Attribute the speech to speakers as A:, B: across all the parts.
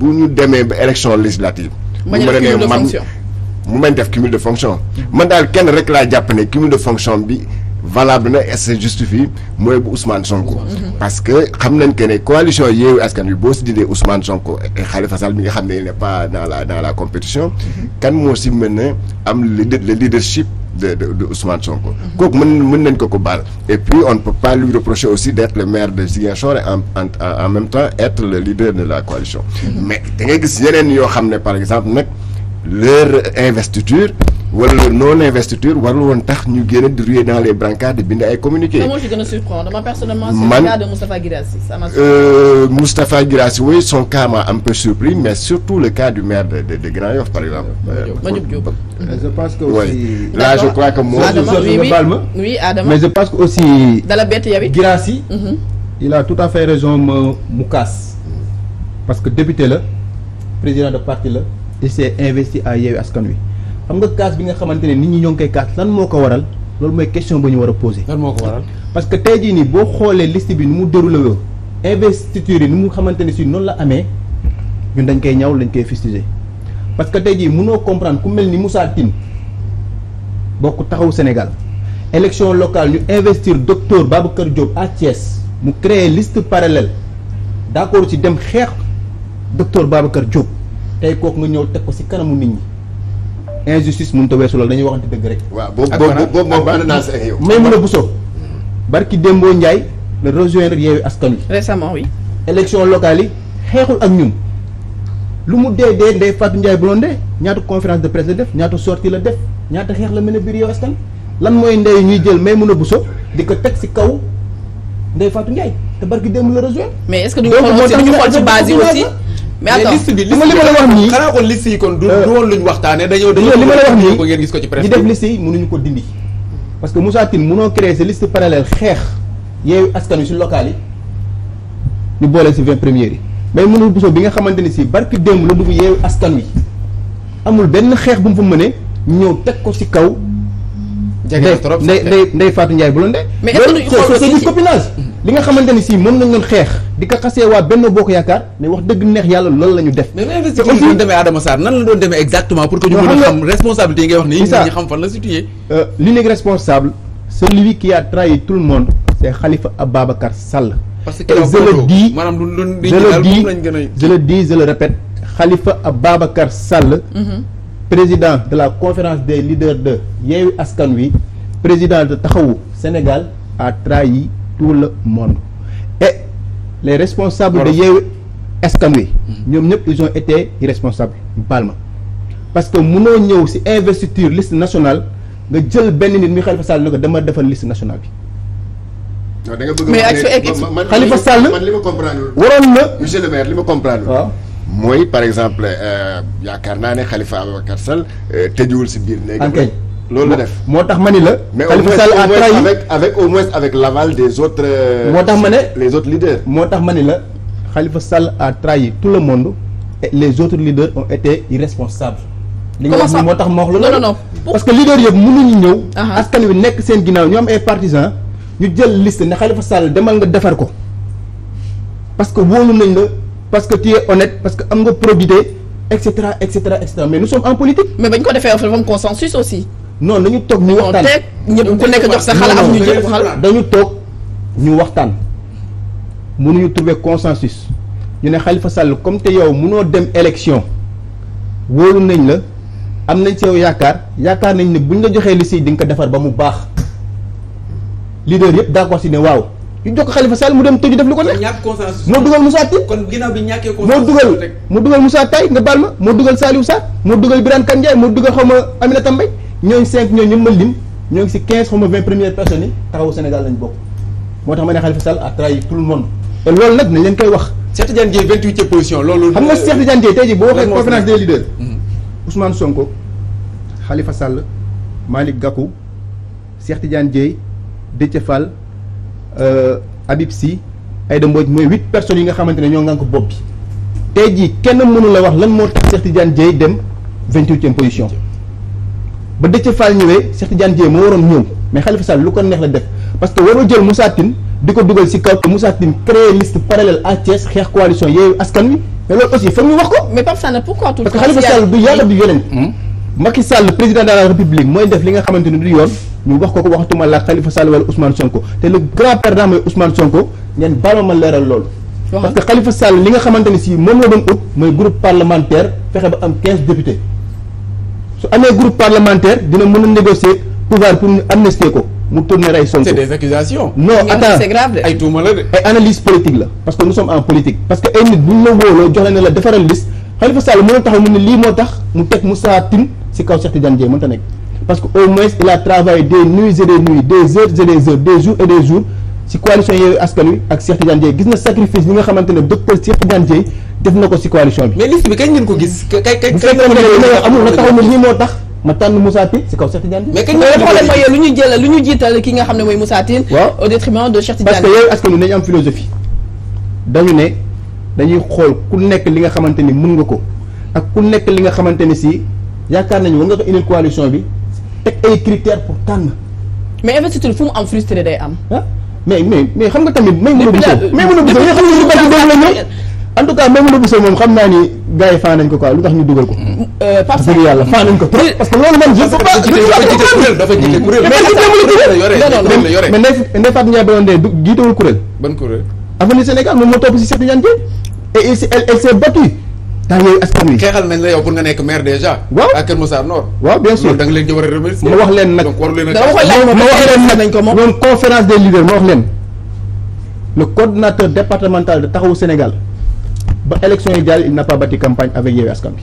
A: bu ñu demee ba élection législative. mu mën a ne man mu def cumul de fonction. man daal kenn rek laa jàpp ne cumul de fonction bi valable na et se justifie mooy bu Ousmane Sonko. Mhm. parce que xam nañ que ne coalition Yewwi Askan Wi boo si dindee Ousmane Sonko et Khalifa Sall mi nga xam ne il n'est pas dans la dans la compétition. Mhm. kan moo si mën a am de le leadership. de de de Sonko. kooku mën mën nañ ko ko baal. et puis on ne peut pas lui reprocher aussi d' le maire de Ziguinchor et en en en même temps être le leader de la coalition. Mm-hmm. mais da ngay gis yeneen yoo xam ne par exemple nag leur investiture. wala non investiture warul woon tax ñu génn di ruer dans les brancards di bind ay communiqué.
B: a surprendre man personnellement. man cas de Moustapha Guirassi.
A: Euh, Moustapha Guirassi oui son cas m'a un peu surpris mais surtout le cas du maire de de de Grand Yoff par exemple. Euh, Mbadou Diop je pense que aussi. là je crois que moo. Adama oui
B: oui Adama mais je pense que aussi. dala bett yow it il a tout à fait raison ma mu mm. parce que député la président de parti la. il s'est investi à Yewwi Askan Wi. xam nga kaas bi nga xamante ne nit ñi ñoo ngi koy kaas lan moo ko waral loolu mooy question bu ñu war a poser. lan moo ko waral que tey ji nii boo xoolee liste bi nu mu déroulé woo investiture yi ni mu xamante ne si noonu la amee ñun dañ koy ñaw lañ koy fustiger parce que tey jii mënoo comprendre ku mel ni Moussa Tine bokk taxaw Sénégal élection locale ñu investir docteur Babacar Diop à Thiès mu créer liste parallèle d'accord ci dem xeex docteur Babacar jóob tey kook nga ñëw teg ko ci kanamu nit injustice mënut a weesu loolu dañuy waxante dëgg rek.
A: waaw boobu boobu moom ànd naa si
B: ak yow. may mën a Bousso barki Dembo Ndiaye le rejoindre Yewwi Askan Wi. récemment locale yi xeexul ak ñun lu mu dee dee Ndeye Fatou Ndiaye Blondé ñaata conférence de presse la def ñaata sortie la def ñaata xeex la mën a biir Yewwi Askan lan mooy ndey ñuy jël may mën a Bousso di ko teg si kaw Ndeye Fatou Ndiaye te barki démb la rejoindre. mais est-ce que duñu xool aussi
A: mais attends liste bi li ma la wax nii xanaa
B: kon liste yi kon du euh, woon luñ waxtaanee dañoo dañoo li ma la wax nii ko ngeen gis ko ci presse ñi def liste yi mënuñu ko dindi parce que Moussa Tine mënoo créer sa liste xeex yeewu askan wi si local yi ñu boole si vingt premières yi mais mënul Bousso bi nga xamante ni si barki démb la dugg yeewu askan wi amul benn xeex bu mu fa mënee ñëw teg ko si kaw. jege trop ndey ndey Fatou Ndiaye bu la ndee. mais est-ce que copinage. li nga xamante ni si moom nañ xeex di ko xasee waa benn boo ko yaakaar mais wax dëgg neex yàlla loolu la ñu def. mais investissement bi doon demee Adama Sarr nan la doon demee exactement. pour que ñu mën a xam responsabilité yi ngay wax nii. ñu xam fan la situé. Euh, l'unique responsable celui a trahi tout le monde c'est Khalifa Ababacar Sall. parce que je le dis maanaam lu je le dis je le dis je le répète mhm. président de la conférence des leaders de Yewwi Askan Wi président de Taxawu Sénégal a trahi. tout le monde et les responsables de Yewwi Askan Wi ñoom ñëpp ils ont été irresponsables baal ma parce que munoo ñëw ci investiture liste national nga jël benn nit mi Khalifa Sall ne ko dama defal liste nationale bi
A: non da nga bëgg mais Khalifa Sall man li ma comprendre waroon na monsieur le maire li ma comprendre waaw mooy par exemple euh, yaakaar naa ne Khalifa Ababacar Sall euh, tëjuwul si biir néeg loolu la def
B: moo tax ma ni la. Khalifa Sall a trahi avec
A: avec au moins avec l'aval des autres. Euh,
B: moo tax ma ne les autres leaders. moo tax ma ni la Khalifa Sall a trahi tout le monde les autres leaders ont été irresponsables. li nga wax ni moo tax ma wax loolu. non non parce que leader yëpp mënuñu ñëw. Ah ah. askan wi nekk seen ginnaaw ñoom ay partisans ñu jël liste ne Khalifa Sall demal nga defar ko parce que wóolu nañ la parce que tu es parce que am nga probité et cetera et cetera et cetera mais nous sommes en politique. mais bañ ko defee dafa consensus aussi. noonu dañu toog ñu waxtaan ñëpp ku nekk jox sa xalaat am ñu jël xalaat dañu ñu waxtaan mënuñu trouver consensus ñu ne xalifa sàll comme te yow munoo dem élection wóolu nañ la am nañ ci yaakaar yaakaar nañ ne buñ la joxee liste yi di nga ko defar ba mu baax leader yëpp d'accord si ne waaw ñu jox ko Khalifa Sall mu dem tëju def lu ko neex. ñàkk consensus moo dugal Moussa Tine. kon ginnaaw bi ñàkkee consensus moo dugal moo dugal nga baal ma moo dugal Saliou Sarr moo dugal Birane Kane Ndiaye moo dugal xaw ma Aminata Mbaye ñooñu cinq ñooñu ñëpp ma lim ñoo ngi si quinze xaw ma vingt premières personnes yi taxawu Sénégal lañ bokk moo tax ma ne Khalifa Sall a trahi tout le monde te loolu nag nañ leen koy wax. Cheikh Tidiane Dièye vingt huitième position loolu. xam nga Cheikh Tidiane Dièye tey jii boo waxee conférence des leaders. Mhm. Ousmane Sonko Khalifa Sall Malick Gakou Cheikh Tidiane Dièye Déthié Fall euh, Habib Sy Aïda Mbodj mooy huit personnes yi nga xamante ne ñoo ngank bopp bi tey jii kenn mënu la wax lan moo tax Cheikh Tidiane Dièye dem vingt huitième position. ba Déthié Fall ñëwee Cheikh Tidiane moo waroon ñëw mais Khalifa Sall lu ko neex la def parce que waroo jël Moussa Tine di ko dugal ci kaw te Moussa Tine créé liste parallèle xeex coalition Yewwi Askan Wi mais loolu aussi foog ñu wax ko. mais Pape Sane du yàlla du yeneen. Hmm? Macky Sall président de la République mooy def li nga xamante ni du yoon ñu wax ko ko waxatuma la Khalifa Sall wala Ousmane Sonko te le grand perdant mooy Ousmane Sonko ngeen baal ma leeral loolu. parce que Khalifa li nga xamante ni si moom la doon ut mooy groupe parlementaire fexe ba am su amee groupe parlementaire dina mën a négocier pouvoir pour ñu amnistier ko mu tourner ay Sonko. c'est des ay tuuma la de. ay analyse politique la parce que nous sommes en politique. parce que ay nit bu ñu la wóoloo jox la ne la defaral liste Khalifa Sall mën a taxaw mu ne lii moo tax mu teg Moussa Tine si kaw Cheikh Tidiane Dièye mënta nekk parce que au moins il a travaillé des nuits et des nuits des heures et des heures des jours et des jours. ci coalition Yewwi Askan Wi ak Cheikh Tidiane Dièye gis na sacrifice li nga xamante ne docteur Cheikh Tidiane def na ko ci coalition bi. mais liste bi kañ ngeen ko gis. kay kay kay bu fekkee ne amul lii moo tax. ma tànn Moussa Tine ci kaw Cheikh Tidiane Dièye. mais kañ ngeen xoolee ñu ne mooy Moussa xool ku nekk li nga xamante ni mën nga ko ak ku nekk li nga xamante ni si yaakaar nañu war nga ko indil coalition bi teg ay critères pour tànn. mais investiture fu mu am frustré day am. mais mais mais xam nga tamit. may mën a bisoo may mën a bisoo moom xam naa ni gars yi faa ko quoi lu tax ñu dugal ko. Euh, parce que yàlla faa nañ ko trop. parce que loolu man je du jiitewul kuréel. ban kuréel. Sénégal moom moo topp si Cheikh Tidiane Dièye et elle s'est battue temps yooyu askan wi xeexal nañ la yow pour nga nekk maire déjà waaw à Kër Moussa Nord waaw bien sûr da nga leen ci a remercier ma wax leen nag ma wax leen nag moom conférence des leaders ma wax leen le coordinateur départemental de Taxawu Sénégal ba élection yi jàll il n'a pas bâti campagne avec Yewwi Askan Wi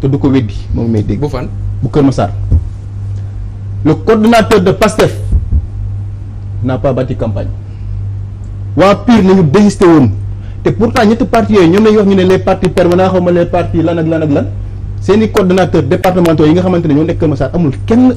B: te du ko weddi moom may dégg bu fan bu Kër coordinateur de PASTEF n'a pas bâti campagne waa PUR nañu désisté woon te pourtant ñetti parti yooyu ñoom la ñuy wax ne les partis permanents xaw ma les partis lan ak lan ak lan seen i coordonnateurs départementaux yi nga xamante ne ñoo nekk Kër Massar amul kenn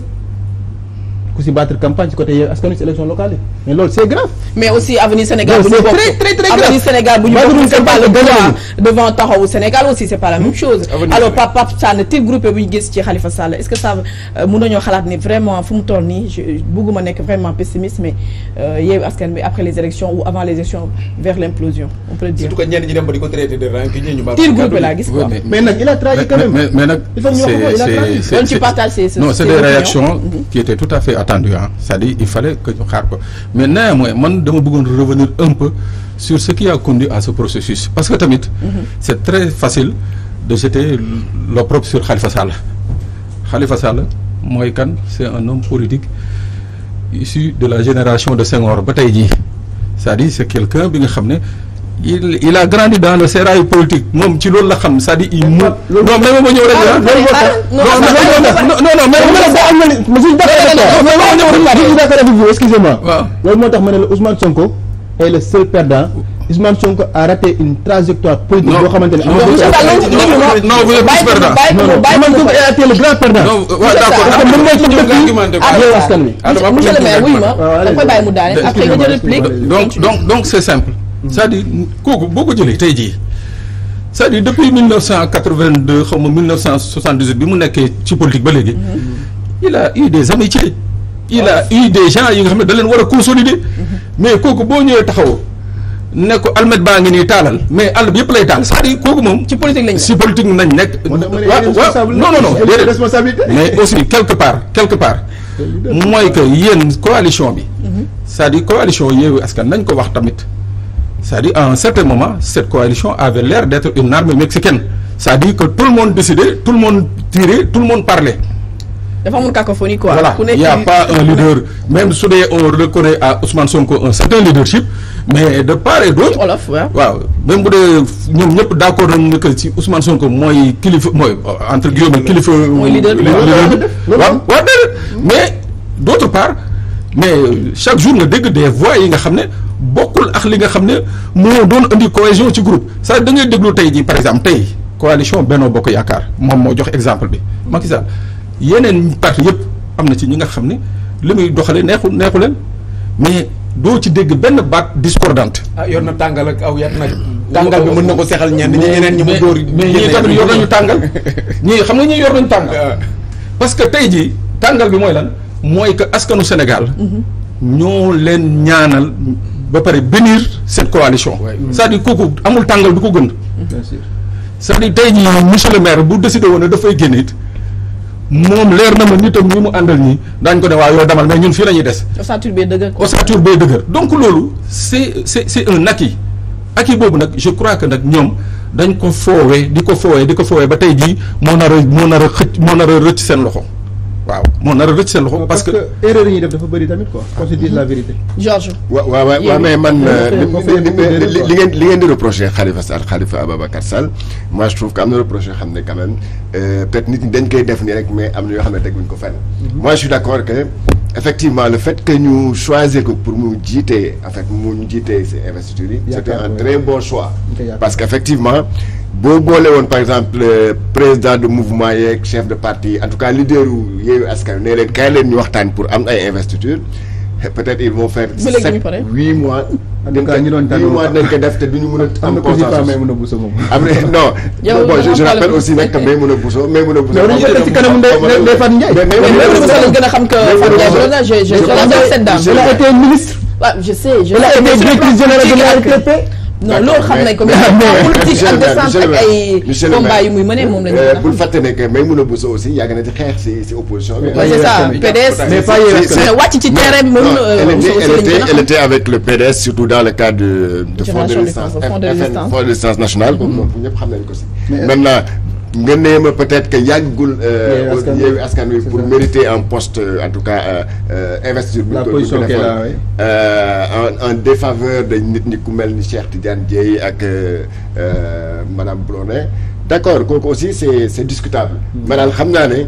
B: ku si battre campagne si côté Yewwi Askan Wi si élection locale yi mais loolu c'est grave. mais aussi avenir Sénégal bu ñu bokk très très très grave avenir Sénégal bu ñu bokk c'est pas le droit devant taxawu Sénégal aussi c'est pas la même chose. alors Pape Pape Sall type groupe bu ñu gis ci Khalifa Sall est-ce que ça euh, mun nañoo xalaat ni vraiment fu mu toll nii je bëgguma nekk vraiment pessimiste mais euh, Yewwi Askan Wi après les élections ou avant les élections vers l'implosion on peut le dire. surtout que ñenn ñi dem ba di ko traiter de rancunier ñu. type groupe laa gis quoi mais nag il a trahi quand même. mais mais nag c'est c'est on ci partage ces non c'est des réactions mhm. qui étaient tout à fait attendu ah c'est-à-dire il fallait que ñu xaar ko mais néanmoins man dama bëggoon revenir un peu sur ce qui a conduit à ce processus parce que tamit mhm. c'est très facile de jeter l'opprobre sur Khalifa Sall Khalifa Sall mooy kan c'est un homme politique issu de la génération de Senghor ba tey jii c'est-à-dire quelqu'un bi nga xam ne il il a grandi dans le sérail politique moom ci loolu la xam c'est-à-dire il mu. loolu non mais ma ñëw rek ah. non non non non mais. moo tax ma ne la Ousmane Sonko est le seul perdant. Ousmane Sonko a raté une trajectoire politique boo xamante ne. non non vous êtes tous perdants. Ousmane Sonko a raté le grand perdant. non waaw d'accord parce que mën nga ci dëkk yi askan wi. monsieur le maire wuyu ma da nga koy bàyyi mu daane après nga jël réplique donc donc donc c'est simple. cest à kooku boo ko jëlee tey jii c'est-à-dire depuis 1982 xaw ma 1978 bi mu nekkee ci politique ba léegi. il a eu des amitiés. il a eu des gens yi nga xam ne da leen war a consolider. mais kooku boo ñëwee taxaw ne ko almet baa ngi nii taalal mais àll bi yëpp lay taal cest à kooku moom. ci politique lañ nekk ci politique nañ nekk. waaw non non non déedéet mais aussi quelque part quelque part. mooy que yéen coalition bi. c'est-à-dire coalition Askan nañ ko wax tamit. C'est-à-dire, à un certain moment, cette coalition avait l'air d'être une armée mexicaine. cest dire que tout le monde décidait, tout le monde tirait, tout le monde parlait. dafa amoon cacophonie quoi. voilà il pas un leader même su dee on reconnaît à Ousmane Sonko un certain leadership mais de part et d'autre. waaw même bu ñoom ñëpp d' accord nañu que ci Ousmane Sonko mooy kilifa mooy entre guillemets kilifa. mooy leader bi mais d' part mais chaque jour nga dégg des yi nga xam ne. bokkul ak li nga xam ne moo doon indi cohésion ci groupe ça da ngay déglu tey ji par exemple tey coalition benn Bokk Yaakaar moom moo jox exemple bi Macky Sall yeneen parti yëpp am na ci ñi nga xam ne li muy doxalee neexu neexu leen mais doo ci dégg benn baat discordante. ah yor na tàngal ak aw yat nag. tàngal bi mën na ko seexal ñenn ñi ñeneen ñi mu dóor. mais ñii tamit yor nañu tàngal ñii xam nga ñu yor nañu tàngal. Ah. parce que tey jii tàngal bi mooy lan mooy que askanu Sénégal. Mhm. ñoo leen ñaanal. ba pare bénir cette coalition. c'est-à-dire kooku amul tàngal du ko gën. bien sûr c'est-à-dire tey bu décidé woon dafay génn it moom leer na ma nitam ñi mu àndal ñi daañu ko ne waa yow demal mais ñun fii la ñuy des. ossature bee dëgër. ossature bee dëgër donc loolu c'est c'est c'est un ak acquis boobu nag je crois que nag ñoom dañ ko foowee di ko foowee di ko foowee ba tey jii moo nar a moo nar a xëcc moo nar rëcc seen loxo. waaw moo nar a seen loxo. parce que erreur yi ñuy def dafa bëri tamit quoi. waaw waaw waaw mais man. Euh, li ngeen
A: li ngeen di reproché Khalifa Sall Khalifa Ababacar Sall. moi je trouve que am na reproche xam ne quand même euh, peut nit ñi dañ koy def nii rek mais am na yoo xam ne teguñ ko fenn. Mhm. moi je suis d'accord que effectivement le fait que ñu choisir ko pour mu jiite en fait mu jiite ces investitures yi. c'était un très bon choix. parce que effectivement. boo boole woon par exemple président de mouvement yeeg chef de parti en tout cas leader yu Yewwi Askan Wi ne leen kaay leen ñu waxtaan pour am ay investiture peut-être ils vont faire. sept huit mois. en tout cas ñu doon tànn huit mois dinañ a. am consensus moom. am non. je rappelle aussi nag que Maimouna Bousso. Maimouna Bousso moom ñu ci kanamu Ndeye Fatou Ndiaye. mais Maimouna Bousso gën a xam que Fatou Ndiaye loolu la je je je la été
B: ministre. je sais je sais. elle a été directrice générale de non loolu xam nañ ko mais politique ak descente ak ay combat yu muy mënee moom la ñu
A: bul fàtte ne que Maïmouna Bousso aussi yàgg na ci xeex si opposition bi c'est ça PDS mais pas wàcc ci terrain bi elle était avec le PDS surtout dans le cadre de de Front de résistance Front de résistance nationale moom mm-hmm. ñëpp xam nañ ko si maintenant nga nee ma peut-être que yàggul. Euh, yeewi askan wi pour mériter un post euh, en tout cas euh, investiture. la position qu'elle a en en défaveur de nit ni ku mel ni Cheikh Tidiane Dieye ak madame Blondin d'accord kooku aussi c'est c'est discutable. Mm. mais xam naa ne.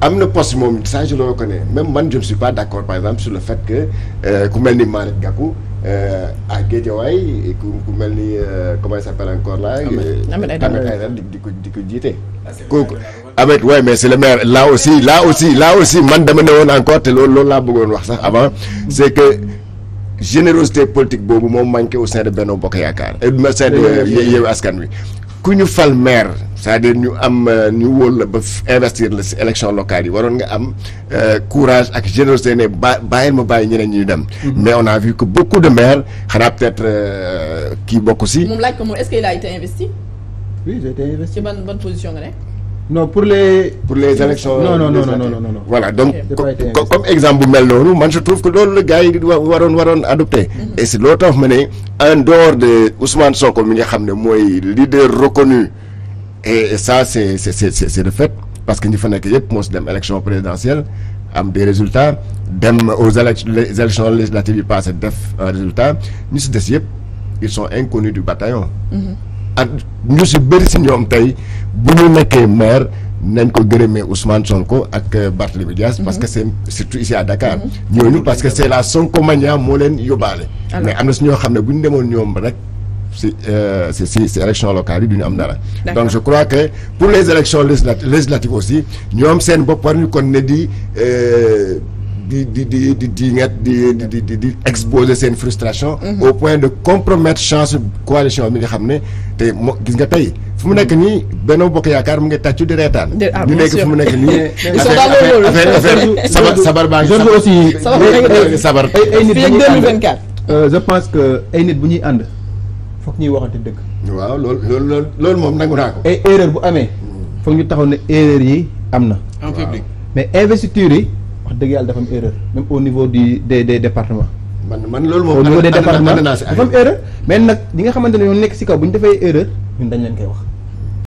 A: am na poste moom ça je le reconnais même man je ne suis pas d'accord par exemple sur le fait que ku mel ni Malick Gakou. Euh, à Guédiawaye ku ku mel ni euh, comment il s'appelle encore là. Ahmed euh, Aïdara di ko di ko jiite. Ah, kooku Ahmed waaye mais si le maire là aussi là aussi là aussi man dama ne woon encore te loolu loolu laa bëggoon wax sax avant c'est que. générosité politique boobu moom manqué au sein de benn Bokk Yaakaar au sein de Yewwi Askan Wi ku ñu fal maire c'est-à-dire ñu am euh, ñu wóol la ba investir la si élection locale yi waroon nga am euh, courage ak générosité ne ba bàyyil ma bàyyi ñeneen ñuy dem. Mhm. mais on a ko que beaucoup de maires xanaa peut-être euh, kii bokk si.
B: moom laaj ko moom est-ce qu'il a été investi. oui j'ai
A: pour les. pour les élections non non non non non voilà mel noonu man je trouve que loolu la gars waroon waroon adopté. Mhm. et si loolu tax ma ne de dehors de Ousmane Sonko mi nga xam ne mooy leader reconnu e ça c'est c'est c'est c'est de fait parce que ñu fa nekk yëpp moo si dem élection présidentielle am des résultats dem aux élections législatives yi passé def un euh, résultat ñu si des yëpp ils sont inconnus du bataillon mm-hmm. ak ñu si bëri si ñoom tey bu ñu nekkee maire nañ ko gërëmee Ousmane Sonko ak euh, Barthélémy Dias parce que mm-hmm. c'est surtout ici à Dakar mm-hmm. ñooñu parce que c'est la Sonkomania moo leen yóbbaale mais am na si ñoo xam ne bu ñu demoon ñoom rek si euh, si si si élection locale yi du ñu am dara. donc je crois que pour les élections législatives aussi ñoom seen bopp war ñu kon ne di euh, di di di di di di di di di exposer seen frustration. Mhm. au point de compromettre chance coalition bi nga xam ne te moo gis nga tey. fu mu nekk nii Benno Bokk Yaakaar mu ngi tàccu di reetaan. ñu ah, nekk fu mu nekk nii. affaire affaire sabar sabar baa ngi. sabar
B: euh, je pense que ay nit bu ñuy ànd. foog ñuy wax waxante dëgg. waaw lool loolu lool loolu moom nangu naa ko. ay erreur bu amee. foog ñu taxaw ne erreur yi am na. en mais investiture yi wax dëgg yàlla dafa am erreur même au niveau du des des départements.
A: man man loolu moom. au niveau des départements dafa am
B: erreur. mais nag ñi nga xamante ne ñoo nekk si kaw bu ñu defee erreur ñun dañ leen koy wax.